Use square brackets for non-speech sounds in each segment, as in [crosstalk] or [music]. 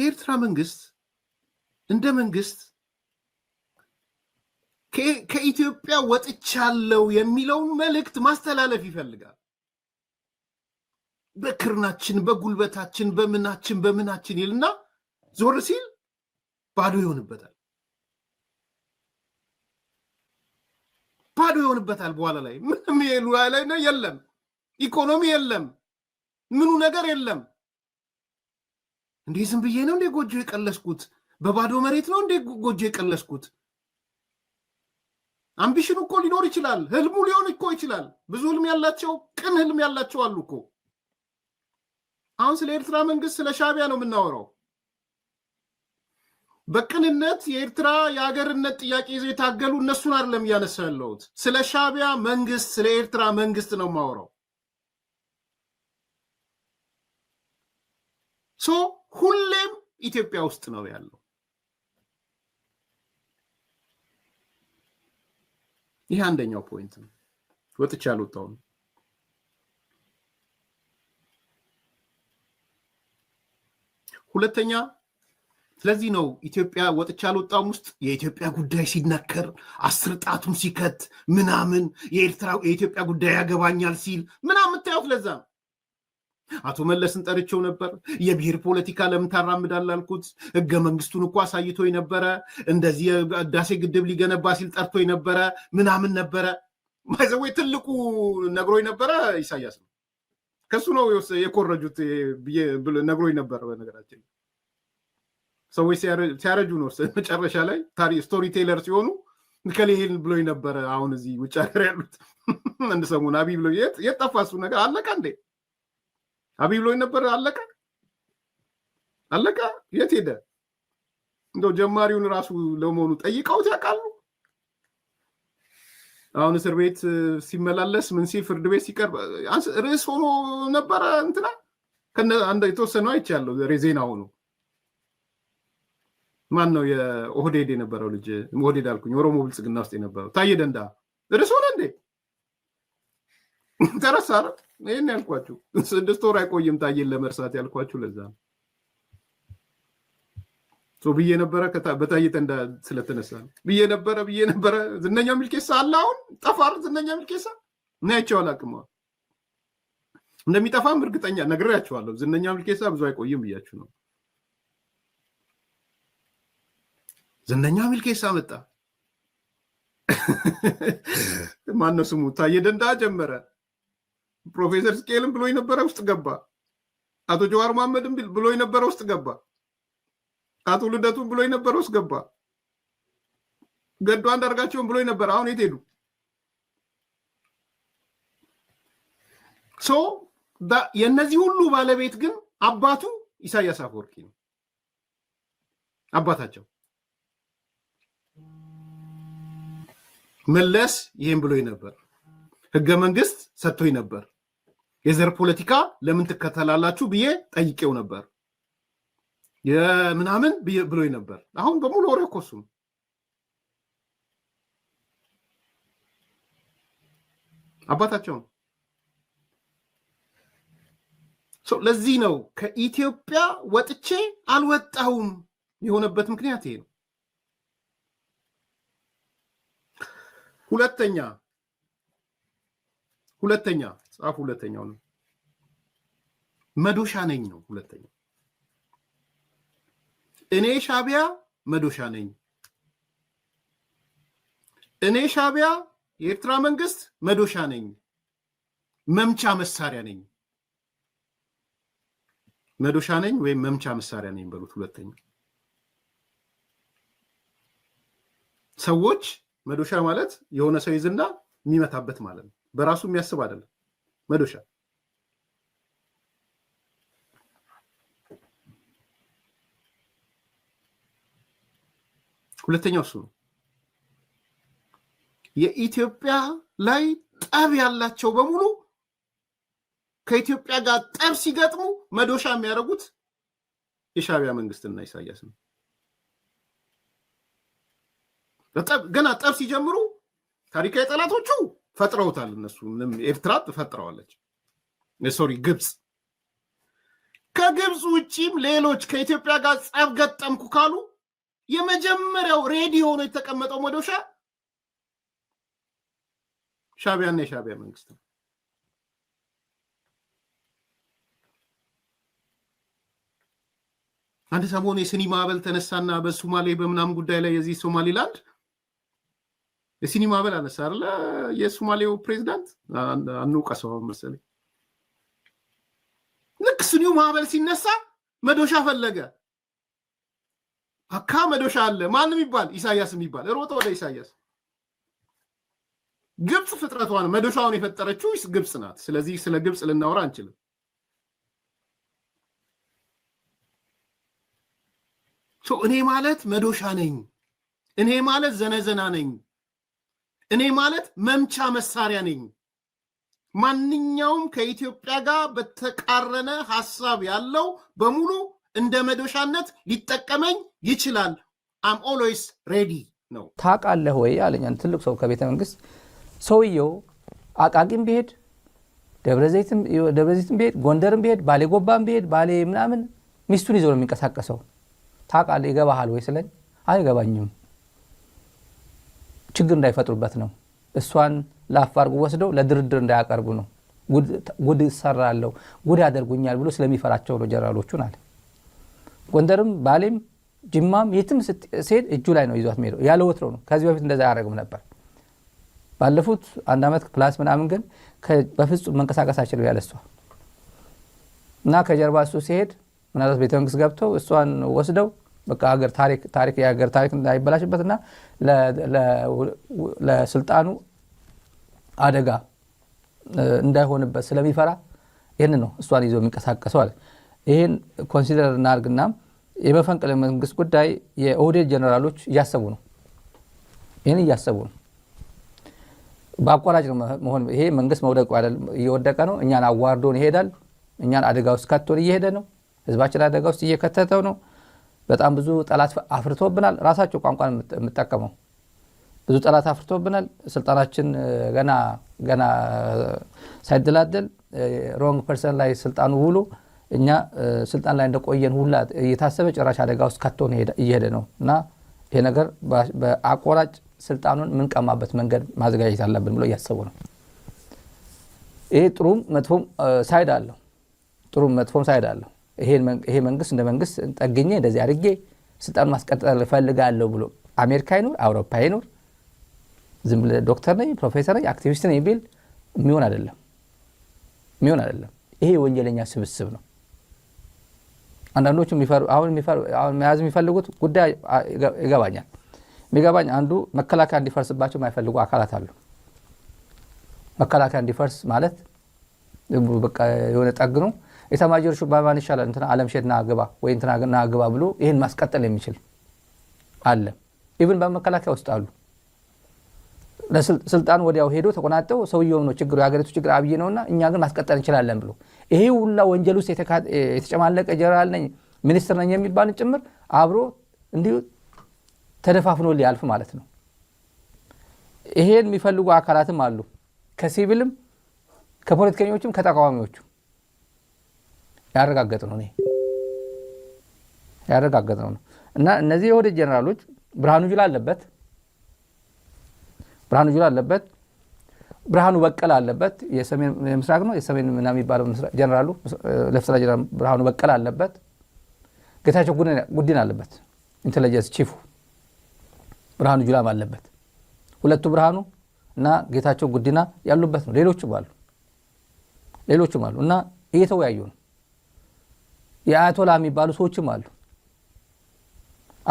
የኤርትራ መንግስት እንደ መንግስት ከኢትዮጵያ ወጥቻለሁ የሚለውን መልእክት ማስተላለፍ ይፈልጋል። በክርናችን፣ በጉልበታችን፣ በምናችን በምናችን ይልና ዞር ሲል ባዶ ይሆንበታል። ባዶ ይሆንበታል። በኋላ ላይ ምንም ላይ የለም፣ ኢኮኖሚ የለም፣ ምኑ ነገር የለም። እንዴ ዝም ብዬ ነው እንዴ ጎጆ የቀለስኩት? በባዶ መሬት ነው እንዴ ጎጆ የቀለስኩት? አምቢሽን እኮ ሊኖር ይችላል። ህልሙ ሊሆን እኮ ይችላል። ብዙ ህልም ያላቸው ቅን ህልም ያላቸው አሉ እኮ። አሁን ስለ ኤርትራ መንግስት፣ ስለ ሻቢያ ነው የምናወራው። በቅንነት የኤርትራ የሀገርነት ጥያቄ ይዘው የታገሉ እነሱን አይደለም እያነሳ ያለሁት። ስለ ሻቢያ መንግስት፣ ስለ ኤርትራ መንግስት ነው የማወራው። ሁሌም ኢትዮጵያ ውስጥ ነው ያለው። ይህ አንደኛው ፖይንት ነው። ወጥቼ አልወጣሁም። ሁለተኛ ስለዚህ ነው ኢትዮጵያ ወጥቼ አልወጣም ውስጥ የኢትዮጵያ ጉዳይ ሲነከር አስር ጣቱን ሲከት ምናምን የኤርትራ የኢትዮጵያ ጉዳይ ያገባኛል ሲል ምናምን የምታየው ለዛ ነው። አቶ መለስን ጠርቼው ነበር። የብሔር ፖለቲካ ለምን ታራምዳል አልኩት። ህገ መንግስቱን እኮ አሳይቶ ነበረ። እንደዚህ ህዳሴ ግድብ ሊገነባ ሲል ጠርቶ ነበረ ምናምን ነበረ ማይዘወይ ትልቁ ነግሮ ነበረ። ኢሳያስ ነው ከሱ ነው የኮረጁት ነግሮ ነበረ። በነገራችን ሰዎች ሲያረጁ ነው መጨረሻ ላይ ስቶሪ ቴለር ሲሆኑ ከሌሄል ብሎ ነበረ። አሁን እዚህ ውጭ ሀገር ያሉት [laughs] አንድ ሰሞን አብይ ብሎ የት እሱ ነገር አለቀ እንዴ? አብይ ብሎኝ ነበር። አለቀ አለቀ። የት ሄደ? እንደው ጀማሪውን ራሱ ለመሆኑ ጠይቀውት ያውቃሉ? አሁን እስር ቤት ሲመላለስ ምን ሲል ፍርድ ቤት ሲቀርብ ርዕስ ሆኖ ነበረ እንትና ከአንድ የተወሰነ አይቻለሁ። ዜና ሆኖ ማን ነው የኦህዴድ የነበረው ልጅ ኦህዴድ አልኩኝ፣ ኦሮሞ ብልጽግና ውስጥ የነበረው ታየ ደንዳ ርዕስ ሆነ እንዴ? ተረሳ ይህን ያልኳችሁ ስድስት ወር አይቆይም ታዬን ለመርሳት ያልኳችሁ ለዛ ነው። ብዬ ነበረ በታዬ ተንዳ ስለተነሳ ነው ብዬ ነበረ ብዬ ነበረ። ዝነኛ ሚልኬሳ አለ አሁን ጠፋር። ዝነኛ ሚልኬሳ እና ያቸው አቅመዋል? እንደሚጠፋም እርግጠኛ ነግሬያቸዋለሁ። ዝነኛ ሚልኬሳ ብዙ አይቆይም ብያችሁ ነው። ዝነኛ ሚልኬሳ መጣ። ማነው ስሙ ታየ ደንዳ ጀመረ ፕሮፌሰር ስቅኤልም ብሎ የነበረ ውስጥ ገባ። አቶ ጀዋር መሐመድም ብሎ የነበረ ውስጥ ገባ። አቶ ልደቱም ብሎ የነበረ ውስጥ ገባ። ገዱ አንዳርጋቸውም ብሎ የነበረ አሁን የት ሄዱ? ሶ የእነዚህ ሁሉ ባለቤት ግን አባቱ ኢሳያስ አፈወርቂ ነው። አባታቸው መለስ ይህም ብሎ ነበር፣ ህገ መንግስት ሰጥቶኝ ነበር የዘር ፖለቲካ ለምን ትከተላላችሁ ብዬ ጠይቄው ነበር የምናምን ብሎ ነበር። አሁን በሙሉ ወሬ እኮ እሱም ነው። ለዚህ ነው ከኢትዮጵያ ወጥቼ አልወጣሁም የሆነበት ምክንያት ይሄ ነው። ሁለተኛ ሁለተኛ ጻፉ። ሁለተኛው ነው መዶሻ ነኝ ነው። ሁለተኛው እኔ ሻቢያ መዶሻ ነኝ፣ እኔ ሻቢያ የኤርትራ መንግስት መዶሻ ነኝ፣ መምቻ መሳሪያ ነኝ። መዶሻ ነኝ ወይም መምቻ መሳሪያ ነኝ በሉት። ሁለተኛ ሰዎች መዶሻ ማለት የሆነ ሰው ይዝና የሚመታበት ማለት ነው። በራሱ የሚያስብ አይደለም። መዶሻ ሁለተኛው እሱ ነው። የኢትዮጵያ ላይ ጠብ ያላቸው በሙሉ ከኢትዮጵያ ጋር ጠብ ሲገጥሙ መዶሻ የሚያደርጉት የሻቢያ መንግስትና ኢሳያስ ነው። ገና ጠብ ሲጀምሩ ታሪካዊ ጠላቶቹ ፈጥረውታል። እነሱ ኤርትራ ፈጥረዋለች። ሶሪ ግብፅ። ከግብፅ ውጪም ሌሎች ከኢትዮጵያ ጋር ጸብ ገጠምኩ ካሉ የመጀመሪያው ሬዲ ሆኖ የተቀመጠው መዶሻ ሻቢያና የሻቢያ መንግስት ነው። አንድ ሰሞን የሲኒ ማዕበል ተነሳና በሶማሌ በምናምን ጉዳይ ላይ የዚህ ሶማሊላንድ የሲኒማ በል አነሳ አለ የሶማሌው ፕሬዚዳንት ሰው መሰለኝ። ልክ ስኒው ማዕበል ሲነሳ መዶሻ ፈለገ። አካ መዶሻ አለ ማን ይባል ኢሳያስ የሚባል ሮጠ ወደ ኢሳያስ። ግብፅ ፍጥረቷን መዶሻውን የፈጠረችው ግብፅ ናት። ስለዚህ ስለ ግብፅ ልናወራ አንችልም። እኔ ማለት መዶሻ ነኝ። እኔ ማለት ዘነዘና ነኝ። እኔ ማለት መምቻ መሳሪያ ነኝ። ማንኛውም ከኢትዮጵያ ጋር በተቃረነ ሀሳብ ያለው በሙሉ እንደ መዶሻነት ሊጠቀመኝ ይችላል። አም ኦልዌይስ ሬዲ ነው። ታውቃለህ ወይ አለኛን ትልቅ ሰው ከቤተ መንግስት ሰውየው። አቃቂም ቢሄድ ደብረዘይትም ቢሄድ ጎንደርም ቢሄድ ባሌ ጎባም ቢሄድ ባሌ ምናምን ሚስቱን ይዞ ነው የሚንቀሳቀሰው። ታውቃለህ ይገባሃል ወይ ስለኝ አይገባኝም ችግር እንዳይፈጥሩበት ነው። እሷን ለአፋርጉ ወስደው ለድርድር እንዳያቀርቡ ነው። ጉድ እሰራለሁ፣ ጉድ ያደርጉኛል ብሎ ስለሚፈራቸው ነው። ጀነራሎቹን አለ ጎንደርም፣ ባሌም፣ ጅማም የትም ሴት እጁ ላይ ነው ይዟት ሄደው ያለ ወትሮ ነው። ከዚህ በፊት እንደዛ አያደርግም ነበር። ባለፉት አንድ ዓመት ፕላስ ምናምን ግን በፍጹም መንቀሳቀስ አይችልም ያለ እና ከጀርባ እሱ ሲሄድ ምናልባት ቤተመንግስት ገብተው እሷን ወስደው በቃ ሀገር ታሪክ ታሪክ የሀገር ታሪክ እንዳይበላሽበትና ለስልጣኑ አደጋ እንዳይሆንበት ስለሚፈራ ይህን ነው እሷን ይዞ የሚንቀሳቀሰው አለ። ይህን ኮንሲደር እናርግና የመፈንቅለ መንግስት ጉዳይ የኦህዴድ ጀነራሎች እያሰቡ ነው። ይህን እያሰቡ ነው። በአቋራጭ ነው መሆን። ይሄ መንግስት መውደቁ እየወደቀ ነው። እኛን አዋርዶን ይሄዳል። እኛን አደጋ ውስጥ ከቶን እየሄደ ነው። ህዝባችን አደጋ ውስጥ እየከተተው ነው። በጣም ብዙ ጠላት አፍርቶብናል። ራሳቸው ቋንቋን የምጠቀመው ብዙ ጠላት አፍርቶብናል። ስልጣናችን ገና ገና ሳይደላደል ሮንግ ፐርሰን ላይ ስልጣኑ ውሉ እኛ ስልጣን ላይ እንደቆየን ሁላ እየታሰበ ጭራሽ አደጋ ውስጥ ከቶ እየሄደ ነው እና ይሄ ነገር በአቆራጭ ስልጣኑን የምንቀማበት መንገድ ማዘጋጀት አለብን ብሎ እያሰቡ ነው። ይሄ ጥሩም መጥፎም ሳይድ አለው። ጥሩም መጥፎም ሳይድ አለው። ይሄ መንግስት እንደ መንግስት ጠግኜ እንደዚህ አድርጌ ስልጣን ማስቀጠል እፈልጋለሁ ብሎ አሜሪካ ይኑር አውሮፓ ይኑር ዝም ብለ ዶክተር ነኝ ፕሮፌሰር ነኝ አክቲቪስት ነኝ ቢል የሚሆን አይደለም የሚሆን አይደለም። ይሄ የወንጀለኛ ስብስብ ነው። አንዳንዶቹ አሁን መያዝ የሚፈልጉት ጉዳይ ይገባኛል። የሚገባኝ አንዱ መከላከያ እንዲፈርስባቸው የማይፈልጉ አካላት አሉ። መከላከያ እንዲፈርስ ማለት በቃ የሆነ ነው ኤታማዦር ሹማን ይሻላል እንትና አለም ሼት ና ግባ ወይ ና ግባ ብሎ ይህን ማስቀጠል የሚችል አለ። ኢቭን በመከላከያ ውስጥ አሉ። ለስልጣን ወዲያው ሄዶ ተቆናጠው ሰውየውም ነው ችግሩ፣ የሀገሪቱ ችግር አብይ ነውና እኛ ግን ማስቀጠል እንችላለን ብሎ ይሄ ሁላ ወንጀል ውስጥ የተጨማለቀ ጀነራል ነኝ ሚኒስትር ነኝ የሚባልን ጭምር አብሮ እንዲሁ ተደፋፍኖ ሊያልፍ ማለት ነው። ይሄን የሚፈልጉ አካላትም አሉ፣ ከሲቪልም ከፖለቲከኞችም ከተቃዋሚዎቹ ያረጋገጥ ነው ያረጋገጥ ነው እና እነዚህ የኦህዴድ ጀነራሎች ብርሃኑ ጁላ አለበት፣ ብርሃኑ ጁላ አለበት፣ ብርሃኑ በቀለ አለበት። የሰሜን ምስራቅ ነው የሰሜን ምናምን የሚባለው ጀነራሉ ለፍስራ ጀኔራል ብርሃኑ በቀለ አለበት፣ ጌታቸው ጉዲን አለበት፣ ኢንቴለጀንስ ቺፉ ብርሃኑ ጁላም አለበት። ሁለቱ ብርሃኑ እና ጌታቸው ጉዲና ያሉበት ነው። ሌሎችም አሉ ሌሎችም አሉ እና እየተወያዩ ነው። የአያቶላ የሚባሉ ሰዎችም አሉ።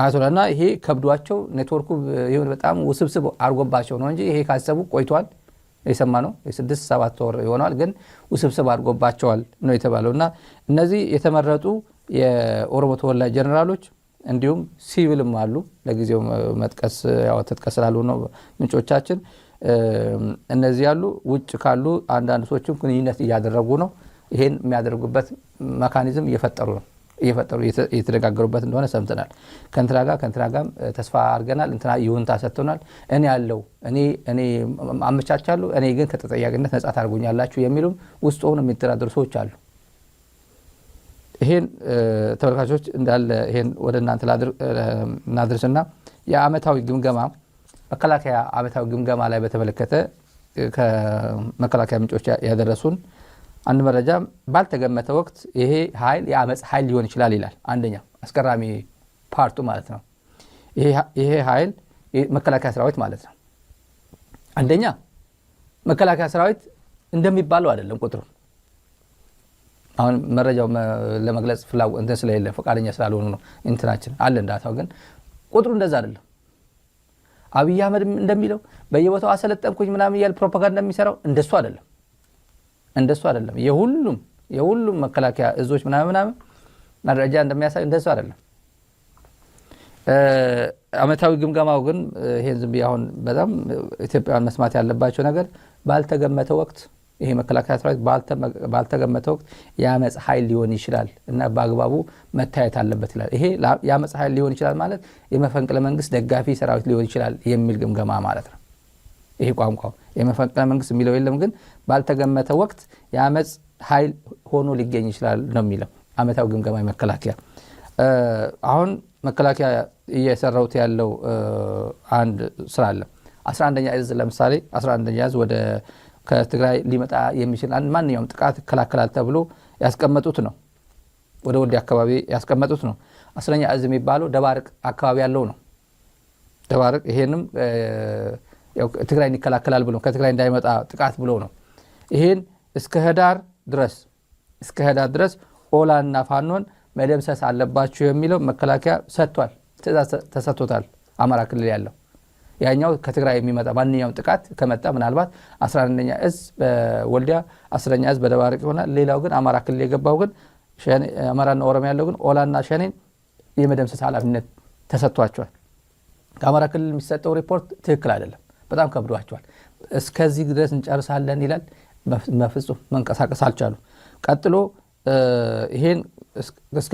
አያቶላ እና ይሄ ከብዷቸው ኔትወርኩ ይሁን በጣም ውስብስብ አድርጎባቸው ነው እንጂ ይሄ ካሰቡ ቆይቷል። የሰማ ነው የስድስት ሰባት ወር ይሆናል፣ ግን ውስብስብ አድርጎባቸዋል ነው የተባለው። እና እነዚህ የተመረጡ የኦሮሞ ተወላጅ ጀነራሎች እንዲሁም ሲቪልም አሉ። ለጊዜው መጥቀስ ያው ነው ምንጮቻችን። እነዚህ ያሉ ውጭ ካሉ አንዳንድ ሰዎችም ግንኙነት እያደረጉ ነው። ይሄን የሚያደርጉበት መካኒዝም እየፈጠሩ ነው እየፈጠሩ እየተደጋገሩበት እንደሆነ ሰምተናል። ከንትና ጋር ከንትና ጋም ተስፋ አድርገናል። እንትና ይሁንታ ሰጥቶናል። እኔ ያለው እኔ እኔ አመቻቻሉ እኔ ግን ከተጠያቂነት ነጻ ታደርጉኛላችሁ የሚሉም ውስጥ ሆኑ የሚተዳደሩ ሰዎች አሉ። ይሄን ተመልካቾች እንዳለ ይሄን ወደ እናንተ እናድርስና የአመታዊ ግምገማ መከላከያ አመታዊ ግምገማ ላይ በተመለከተ ከመከላከያ ምንጮች ያደረሱን አንድ መረጃ ባልተገመተ ወቅት ይሄ ኃይል የአመፅ ኃይል ሊሆን ይችላል ይላል። አንደኛ አስገራሚ ፓርቱ ማለት ነው። ይሄ ኃይል መከላከያ ሰራዊት ማለት ነው። አንደኛ መከላከያ ሰራዊት እንደሚባለው አይደለም ቁጥሩ። አሁን መረጃው ለመግለጽ ፍላጎት እንትን ስለሌለ ፈቃደኛ ስላልሆኑ ነው። እንትናችን አለ እንዳታው፣ ግን ቁጥሩ እንደዛ አይደለም። አብይ አህመድ እንደሚለው በየቦታው አሰለጠንኩኝ ምናምን እያል ፕሮፓጋንዳ የሚሰራው እንደሱ አይደለም። እንደሱ አይደለም። የሁሉም የሁሉም መከላከያ እዞች ምናምን ምናምን መረጃ እንደሚያሳይ እንደሱ አይደለም። አመታዊ ግምገማው ግን ይሄን ዝም ብዬ አሁን በጣም ኢትዮጵያውያን መስማት ያለባቸው ነገር ባልተገመተ ወቅት ይሄ መከላከያ ሰራዊት ባልተገመተ ወቅት የአመፅ ኃይል ሊሆን ይችላል እና በአግባቡ መታየት አለበት ይላል። ይሄ የአመፅ ኃይል ሊሆን ይችላል ማለት የመፈንቅለ መንግስት ደጋፊ ሰራዊት ሊሆን ይችላል የሚል ግምገማ ማለት ነው። ይሄ ቋንቋው የመፈንቅለ መንግስት የሚለው የለም፣ ግን ባልተገመተ ወቅት የአመፅ ኃይል ሆኖ ሊገኝ ይችላል ነው የሚለው አመታዊ ግምገማ መከላከያ። አሁን መከላከያ እየሰራውት ያለው አንድ ስራ አለ። 11ኛ እዝ ለምሳሌ 11ኛ እዝ ወደ ከትግራይ ሊመጣ የሚችል ማንኛውም ጥቃት ይከላከላል ተብሎ ያስቀመጡት ነው። ወደ ወዲ አካባቢ ያስቀመጡት ነው። አስረኛ እዝ የሚባለው ደባርቅ አካባቢ ያለው ነው። ደባርቅ ይሄንም ትግራይን ይከላከላል ብሎ ከትግራይ እንዳይመጣ ጥቃት ብሎ ነው ይህን እስከ ህዳር ድረስ እስከ ህዳር ድረስ ኦላና ፋኖን መደምሰስ አለባችሁ የሚለው መከላከያ ሰጥቷል፣ ትእዛዝ ተሰጥቶታል። አማራ ክልል ያለው ያኛው ከትግራይ የሚመጣ ማንኛውም ጥቃት ከመጣ ምናልባት 11ኛ እዝ በወልዲያ 10ኛ እዝ በደባርቅ ይሆናል። ሌላው ግን አማራ ክልል የገባው ግን አማራና ኦሮሚያ ያለው ግን ኦላና ሸኔን የመደምሰስ ኃላፊነት ተሰጥቷቸዋል። ከአማራ ክልል የሚሰጠው ሪፖርት ትክክል አይደለም፣ በጣም ከብዷቸዋል። እስከዚህ ድረስ እንጨርሳለን ይላል። በፍጹም መንቀሳቀስ አልቻሉ ቀጥሎ ይሄን እስከ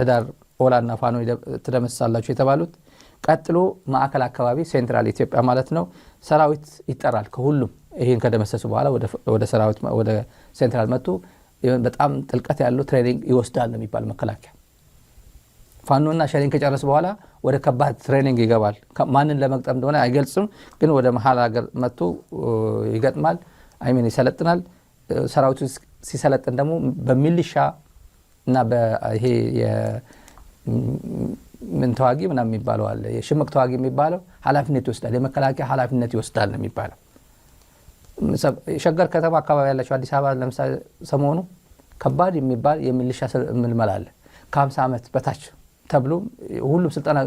ህዳር ኦላና ፋኖ ትደመስሳላችሁ የተባሉት ቀጥሎ ማዕከል አካባቢ ሴንትራል ኢትዮጵያ ማለት ነው ሰራዊት ይጠራል ከሁሉም ይህን ከደመሰሱ በኋላ ወደ ሰራዊት ወደ ሴንትራል መጡ። በጣም ጥልቀት ያለው ትሬኒንግ ይወስዳል ነው የሚባል መከላከያ ፋኖና ሸኔን ከጨረስ በኋላ ወደ ከባድ ትሬኒንግ ይገባል። ማንን ለመግጠም እንደሆነ አይገልጽም፣ ግን ወደ መሀል ሀገር መጥቶ ይገጥማል። አይሚን ይሰለጥናል። ሰራዊቱ ሲሰለጥን ደግሞ በሚሊሻ እና ይሄ ምን ተዋጊ ምና የሚባለው አለ የሽምቅ ተዋጊ የሚባለው ኃላፊነት ይወስዳል። የመከላከያ ኃላፊነት ይወስዳል ነው የሚባለው። ሸገር ከተማ አካባቢ ያላቸው አዲስ አበባ ለምሳሌ ሰሞኑ ከባድ የሚባል የሚሊሻ ምልመላ አለ ከ50 ዓመት በታች ተብሎ ሁሉም ስልጠና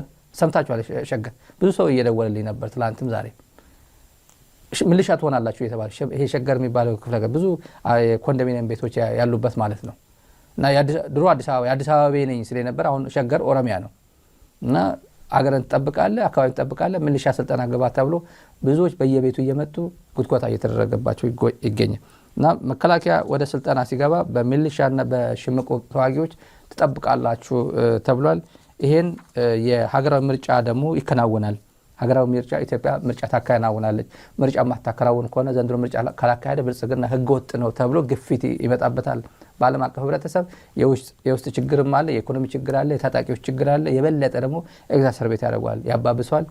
ሰምታችኋል። ሸገር ብዙ ሰው እየደወለልኝ ነበር ትላንትም ዛሬ ምልሻ ትሆናላችሁ የተባለ ይሄ ሸገር የሚባለው ክፍለ ሀገር ብዙ ኮንዶሚኒየም ቤቶች ያሉበት ማለት ነው። እና ድሮ አዲስ አበባ የአዲስ አበባ ነኝ ስለ ነበር አሁን ሸገር ኦሮሚያ ነው። እና አገርን ትጠብቃለ አካባቢ ትጠብቃለ ምልሻ ስልጠና ግባ ተብሎ ብዙዎች በየቤቱ እየመጡ ጉትጎታ እየተደረገባቸው ይገኛል። እና መከላከያ ወደ ስልጠና ሲገባ በሚልሻና በሽምቅ ተዋጊዎች ትጠብቃላችሁ ተብሏል። ይሄን የሀገራዊ ምርጫ ደግሞ ይከናወናል። ሀገራዊ ምርጫ ኢትዮጵያ ምርጫ ታከናውናለች። ምርጫ ማታከናውን ከሆነ ዘንድሮ ምርጫ ካላካሄደ ብልጽግና ህገወጥ ነው ተብሎ ግፊት ይመጣበታል። በዓለም አቀፍ ህብረተሰብ የውስጥ ችግርም አለ፣ የኢኮኖሚ ችግር አለ፣ የታጣቂዎች ችግር አለ። የበለጠ ደግሞ ኤግዛሰር ቤት ያደርገዋል፣ ያባብሷል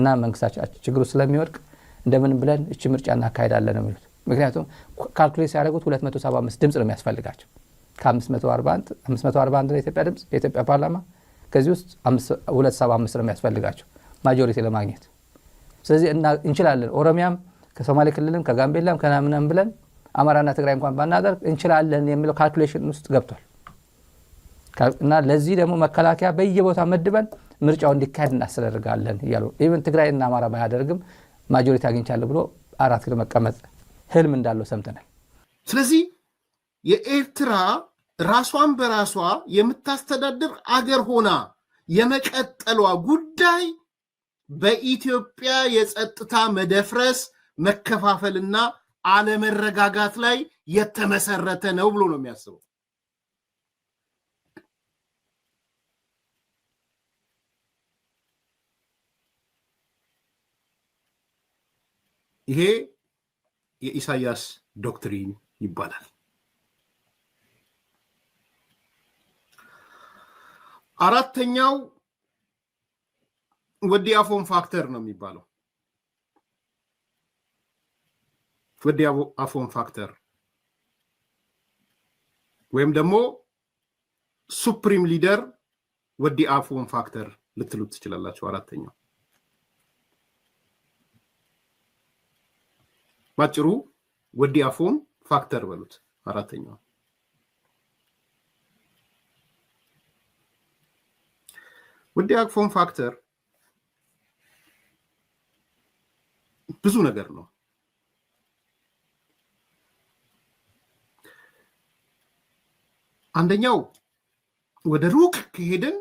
እና መንግስታችን ችግሩ ስለሚወድቅ እንደምን ብለን እች ምርጫ እናካሄዳለን ነው የሚሉት። ምክንያቱም ካልኩሌት ያደረጉት 275 ድምፅ ነው የሚያስፈልጋቸው ከ541 ነው የኢትዮጵያ ድምፅ የኢትዮጵያ ፓርላማ ከዚህ ውስጥ 275 ነው የሚያስፈልጋቸው ማጆሪቲ ለማግኘት። ስለዚህ እንችላለን። ኦሮሚያም ከሶማሌ ክልልም ከጋምቤላም ከናምናም ብለን አማራና ትግራይ እንኳን ባናደርግ እንችላለን የሚለው ካልኩሌሽን ውስጥ ገብቷል። እና ለዚህ ደግሞ መከላከያ በየቦታ መድበን ምርጫው እንዲካሄድ እናስተደርጋለን እያሉ ኢቨን ትግራይና አማራ ባያደርግም ማጆሪቲ አግኝቻለሁ ብሎ አራት ግን መቀመጥ ህልም እንዳለው ሰምተናል። ስለዚህ የኤርትራ ራሷን በራሷ የምታስተዳድር አገር ሆና የመቀጠሏ ጉዳይ በኢትዮጵያ የጸጥታ መደፍረስ መከፋፈልና አለመረጋጋት ላይ የተመሰረተ ነው ብሎ ነው የሚያስበው። ይሄ የኢሳያስ ዶክትሪን ይባላል። አራተኛው ወዲያፎም ፋክተር ነው የሚባለው። አፎም ፋክተር ወይም ደግሞ ሱፕሪም ሊደር አፎም ፋክተር ልትሉት ትችላላችሁ። አራተኛው ባጭሩ አፎም ፋክተር በሉት አራተኛው ውድ ፎም ፋክተር ብዙ ነገር ነው። አንደኛው ወደ ሩቅ ከሄድን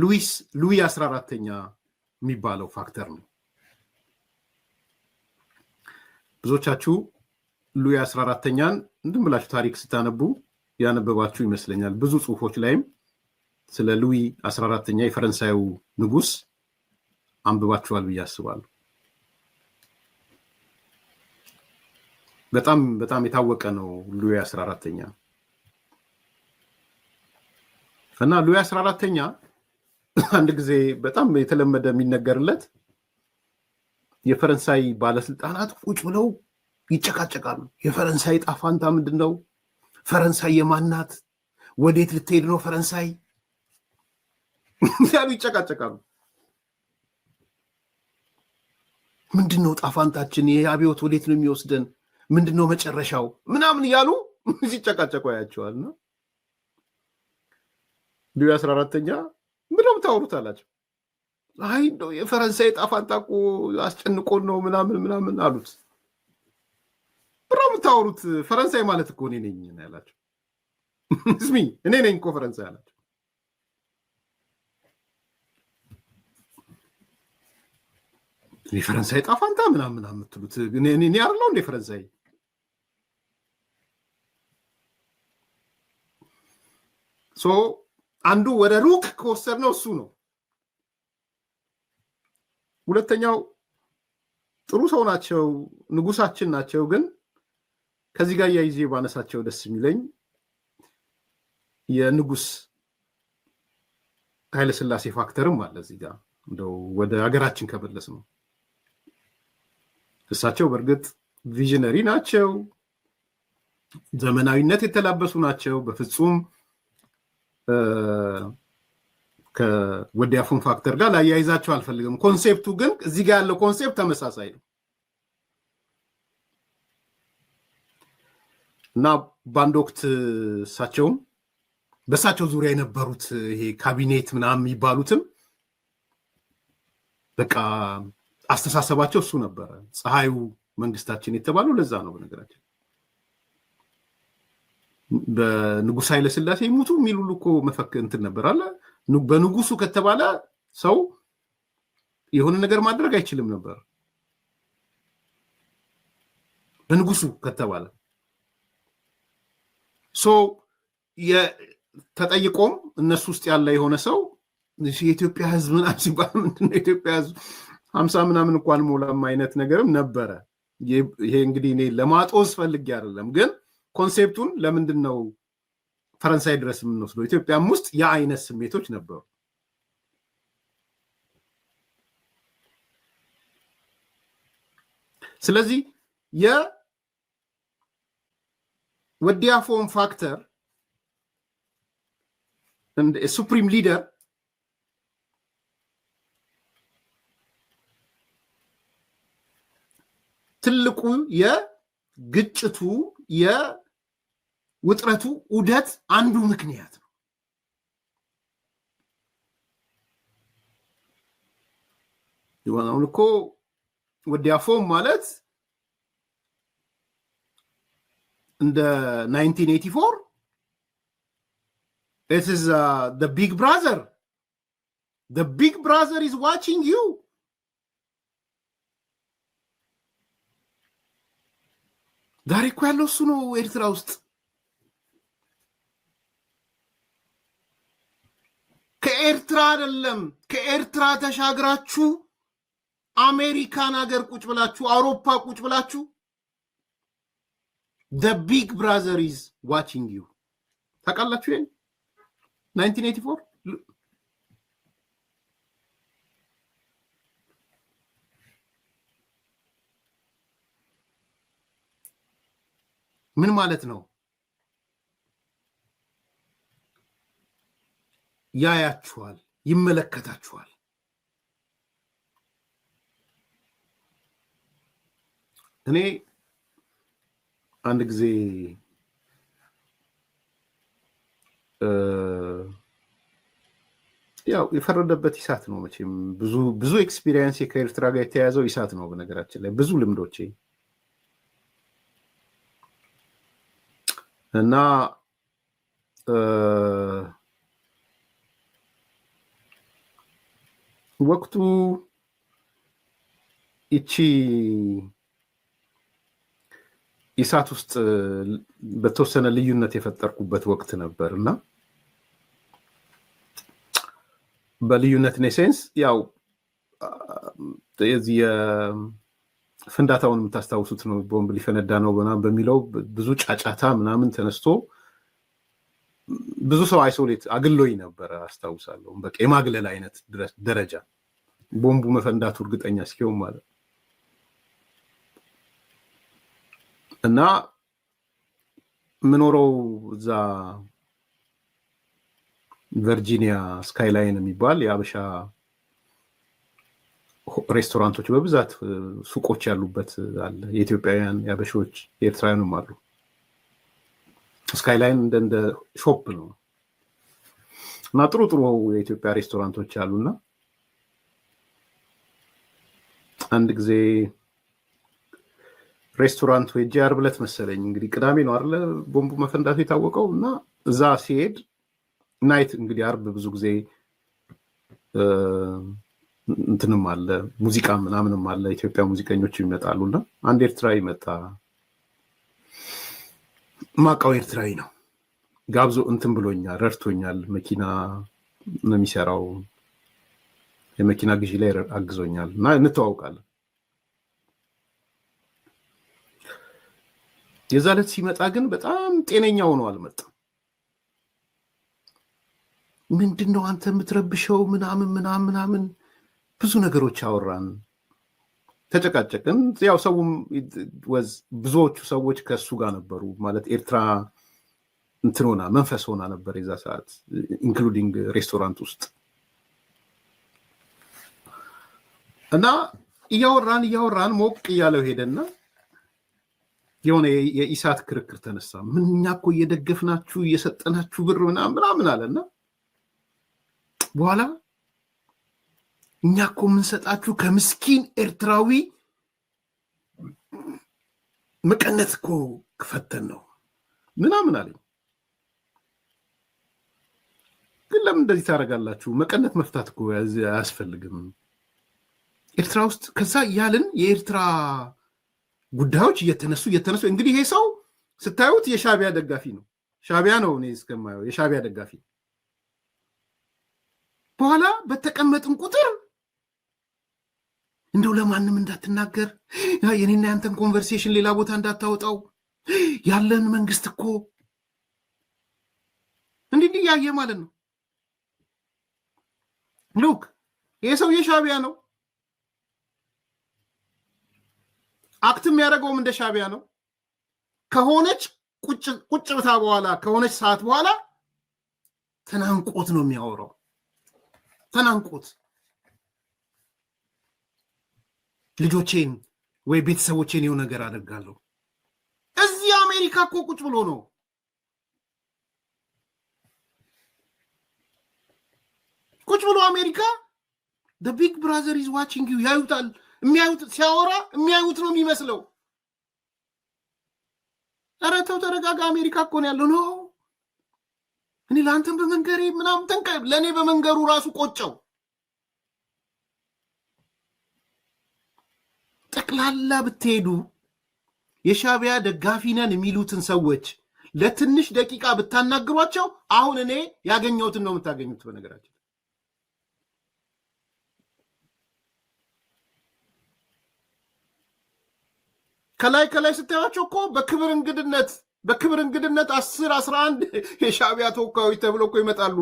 ሉዊስ ሉዊ አስራ አራተኛ የሚባለው ፋክተር ነው። ብዙዎቻችሁ ሉዊ አስራ አራተኛን እንድም ብላችሁ ታሪክ ስታነቡ ያነበባችሁ ይመስለኛል። ብዙ ጽሁፎች ላይም ስለ ሉዊ አስራ አራተኛ የፈረንሳዩ ንጉስ አንብባችኋል ብዬ አስባለሁ። በጣም በጣም የታወቀ ነው ሉዊ አስራ አራተኛ እና ሉዊ አስራ አራተኛ አንድ ጊዜ በጣም የተለመደ የሚነገርለት የፈረንሳይ ባለስልጣናት ቁጭ ብለው ይጨቃጨቃሉ። የፈረንሳይ ጣፋንታ ፈንታ ምንድን ነው? ፈረንሳይ የማናት? ወዴት ልትሄድ ነው ፈረንሳይ ያሉ ይጨቃጨቃሉ። ምንድን ነው ጣፋንታችን? ይህ አብዮት ወዴት ነው የሚወስደን? ምንድን ነው መጨረሻው? ምናምን እያሉ [laughs] ሲጨቃጨቁ ያቸዋል። እና ሉዊ አስራ አራተኛ ምንም ታወሩት አላቸው። አይ እንደው የፈረንሳይ ጣፋንታ እኮ አስጨንቆን ነው ምናምን ምናምን አሉት። ምንድን የምታወሩት? ፈረንሳይ ማለት እኮ እኔ ነኝ ያላቸው እስሚ እኔ ነኝ እኮ ፈረንሳይ አላቸው። ፈረንሳይ ጣፋንታ ምናምን የምትሉት እኔ ያርለው እንደ ፈረንሳይ ሶ አንዱ ወደ ሩቅ ከወሰድ ነው እሱ ነው። ሁለተኛው ጥሩ ሰው ናቸው፣ ንጉሳችን ናቸው ግን ከዚህ ጋር እያይዜ ባነሳቸው ደስ የሚለኝ የንጉስ ኃይለስላሴ ፋክተርም አለ እዚህ ጋር እንደው ወደ ሀገራችን ከመለስ ነው። እሳቸው በእርግጥ ቪዥነሪ ናቸው፣ ዘመናዊነት የተላበሱ ናቸው። በፍጹም ከወዲያፉን ፋክተር ጋር ላያይዛቸው አልፈልግም። ኮንሴፕቱ ግን እዚህ ጋር ያለው ኮንሴፕት ተመሳሳይ ነው። እና በአንድ ወቅት እሳቸውም በእሳቸው ዙሪያ የነበሩት ይሄ ካቢኔት ምናምን የሚባሉትም በቃ አስተሳሰባቸው እሱ ነበረ። ፀሐዩ መንግስታችን የተባለው ለዛ ነው። በነገራችን በንጉሥ ኃይለስላሴ ሙቱ የሚሉሉ እኮ መፈክ እንትን ነበር አለ። በንጉሱ ከተባለ ሰው የሆነ ነገር ማድረግ አይችልም ነበር በንጉሱ ከተባለ ሶ ተጠይቆም እነሱ ውስጥ ያለ የሆነ ሰው የኢትዮጵያ ህዝብ ምናምን ሲባል ምንድነው የኢትዮጵያ ህዝብ ሀምሳ ምናምን እኮ አልሞላም አይነት ነገርም ነበረ። ይሄ እንግዲህ እኔ ለማጦዝ ፈልጌ አይደለም፣ ግን ኮንሴፕቱን ለምንድን ነው ፈረንሳይ ድረስ የምንወስደው? ኢትዮጵያም ውስጥ የአይነት ስሜቶች ነበሩ። ስለዚህ ወዲያፎም ፋክተር ሱፕሪም ሊደር ትልቁ የግጭቱ የውጥረቱ ዑደት አንዱ ምክንያት ነው። የሆነውን እኮ ወዲያፎም ማለት እንደ 1984 ቢግ ብራዘር ቢግ ብራዘር ኢዝ ዋቺንግ ዩ ዛሬ እኮ ያለው እሱ ነው ኤርትራ ውስጥ ከኤርትራ አይደለም ከኤርትራ ተሻግራችሁ አሜሪካን ሀገር ቁጭ ብላችሁ አውሮፓ ቁጭ ብላችሁ ቢግ ብራዘር ኢዝ ዋቺንግ ዩ ታውቃላችሁ። ይሄን 1984 ምን ማለት ነው? ያያችኋል፣ ይመለከታችኋል። እኔ አንድ ጊዜ ያው የፈረደበት ይሳት ነው። መቼም ብዙ ብዙ ኤክስፒሪየንስ ከኤርትራ ጋር የተያያዘው ይሳት ነው። በነገራችን ላይ ብዙ ልምዶቼ እና ወቅቱ ይቺ ኢሳት ውስጥ በተወሰነ ልዩነት የፈጠርኩበት ወቅት ነበር እና በልዩነት ኔሴንስ ያው የዚህ ፍንዳታውን የምታስታውሱት ነው። ቦምብ ሊፈነዳ ነው ና በሚለው ብዙ ጫጫታ ምናምን ተነስቶ ብዙ ሰው አይሶሌት አግሎኝ ነበረ አስታውሳለሁ። በቃ የማግለል አይነት ደረጃ ቦምቡ መፈንዳቱ እርግጠኛ እስኪሆን ማለት እና ምኖረው እዛ ቨርጂኒያ ስካይላይን የሚባል የአበሻ ሬስቶራንቶች በብዛት ሱቆች ያሉበት አለ። የኢትዮጵያውያን የአበሻዎች የኤርትራውያንም አሉ። ስካይላይን እንደ ሾፕ ነው እና ጥሩ ጥሩ የኢትዮጵያ ሬስቶራንቶች አሉና አንድ ጊዜ ሬስቶራንት ሄጄ ዓርብ ዕለት መሰለኝ እንግዲህ ቅዳሜ ነው አለ ቦምቡ መፈንዳቱ የታወቀው እና እዛ ሲሄድ ናይት እንግዲህ ዓርብ ብዙ ጊዜ እንትንም አለ ሙዚቃ ምናምንም አለ ኢትዮጵያ ሙዚቀኞች ይመጣሉ እና አንድ ኤርትራዊ መጣ ማቃው ኤርትራዊ ነው ጋብዞ እንትን ብሎኛል ረድቶኛል መኪና ነው የሚሰራው የመኪና ግዢ ላይ አግዞኛል እና እንተዋውቃለን የዛ ዕለት ሲመጣ ግን በጣም ጤነኛ ሆኖ አልመጣም። ምንድን ነው አንተ የምትረብሸው? ምናምን ምናምን ምናምን ብዙ ነገሮች አወራን፣ ተጨቃጨቅን። ያው ሰውም ወዝ ብዙዎቹ ሰዎች ከእሱ ጋር ነበሩ። ማለት ኤርትራ እንትን ሆና መንፈስ ሆና ነበር የዛ ሰዓት ኢንክሉዲንግ ሬስቶራንት ውስጥ እና እያወራን እያወራን ሞቅ እያለው ሄደና የሆነ የኢሳት ክርክር ተነሳ። ምን እኛ እኮ እየደገፍናችሁ እየሰጠናችሁ ብር ምናምን ምናምን አለና በኋላ እኛ እኮ የምንሰጣችሁ ከምስኪን ኤርትራዊ መቀነት እኮ ክፈተን ነው ምናምን አለኝ። ግን ለምን እንደዚህ ታደርጋላችሁ? መቀነት መፍታት እኮ አያስፈልግም ኤርትራ ውስጥ ከዛ እያልን የኤርትራ ጉዳዮች እየተነሱ እየተነሱ እንግዲህ ይሄ ሰው ስታዩት የሻቢያ ደጋፊ ነው። ሻቢያ ነው እኔ እስከማየው የሻቢያ ደጋፊ በኋላ በተቀመጥን ቁጥር እንደው ለማንም እንዳትናገር የኔና ያንተን ኮንቨርሴሽን ሌላ ቦታ እንዳታወጣው ያለን መንግስት እኮ እንዲህ እንዲህ ያየ ማለት ነው። ሉክ ይሄ ሰው የሻቢያ ነው። አክት የሚያደርገውም እንደ ሻቢያ ነው። ከሆነች ቁጭ ብታ በኋላ ከሆነች ሰዓት በኋላ ተናንቆት ነው የሚያወራው። ተናንቆት ልጆቼን ወይ ቤተሰቦቼን የው ነገር አደርጋለሁ። እዚህ አሜሪካ እኮ ቁጭ ብሎ ነው ቁጭ ብሎ አሜሪካ ቢግ ብራዘር ኢዝ ዋቺንግ ዩ ያዩታል። የሚያዩት ሲያወራ የሚያዩት ነው የሚመስለው። ኧረ ተው ተረጋጋ። አሜሪካ እኮ ነው ያለው። ኖ እኔ ለአንተን በመንገሬ ምናምን ጠንቀ ለእኔ በመንገሩ ራሱ ቆጨው። ጠቅላላ ብትሄዱ የሻቢያ ደጋፊ ነን የሚሉትን ሰዎች ለትንሽ ደቂቃ ብታናግሯቸው፣ አሁን እኔ ያገኘሁትን ነው የምታገኙት በነገራቸው ከላይ ከላይ ስታያቸው እኮ በክብር እንግድነት በክብር እንግድነት አስር አስራ አንድ የሻዕቢያ ተወካዮች ተብለው እኮ ይመጣሉ።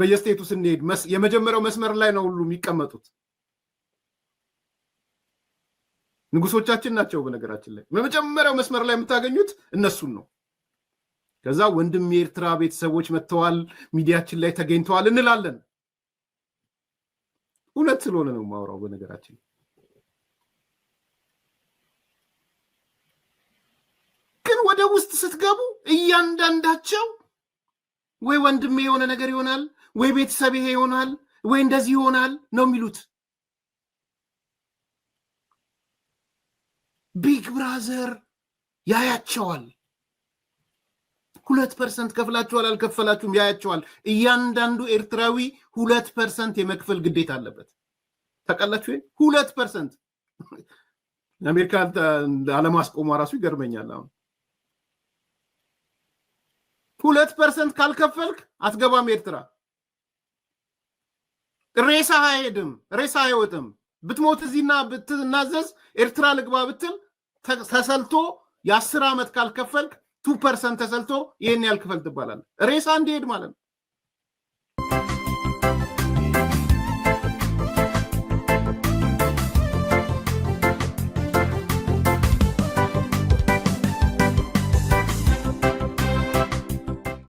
በየስቴቱ ስንሄድ የመጀመሪያው መስመር ላይ ነው ሁሉ የሚቀመጡት ንጉሶቻችን ናቸው። በነገራችን ላይ በመጀመሪያው መስመር ላይ የምታገኙት እነሱን ነው። ከዛ ወንድም የኤርትራ ቤተሰቦች መጥተዋል፣ ሚዲያችን ላይ ተገኝተዋል እንላለን። እውነት ስለሆነ ነው ማውራው በነገራችን ወደ ውስጥ ስትገቡ እያንዳንዳቸው ወይ ወንድሜ የሆነ ነገር ይሆናል፣ ወይ ቤተሰብ ይሄ ይሆናል፣ ወይ እንደዚህ ይሆናል ነው የሚሉት። ቢግ ብራዘር ያያቸዋል። ሁለት ፐርሰንት ከፍላችኋል አልከፈላችሁም ያያቸዋል። እያንዳንዱ ኤርትራዊ ሁለት ፐርሰንት የመክፈል ግዴታ አለበት። ታውቃላችሁ? ሁለት ፐርሰንት አሜሪካ አለማስቆሟ ራሱ ይገርመኛል አሁን ሁለት ፐርሰንት ካልከፈልክ አትገባም ኤርትራ። ሬሳ አይሄድም፣ ሬሳ አይወጥም። ብትሞት እዚህና ብትናዘዝ ኤርትራ ልግባ ብትል ተሰልቶ የአስር ዓመት ካልከፈልክ ቱ ፐርሰንት ተሰልቶ ይህን ያህል ክፈል ትባላለህ። ሬሳ እንዲሄድ ማለት ነው።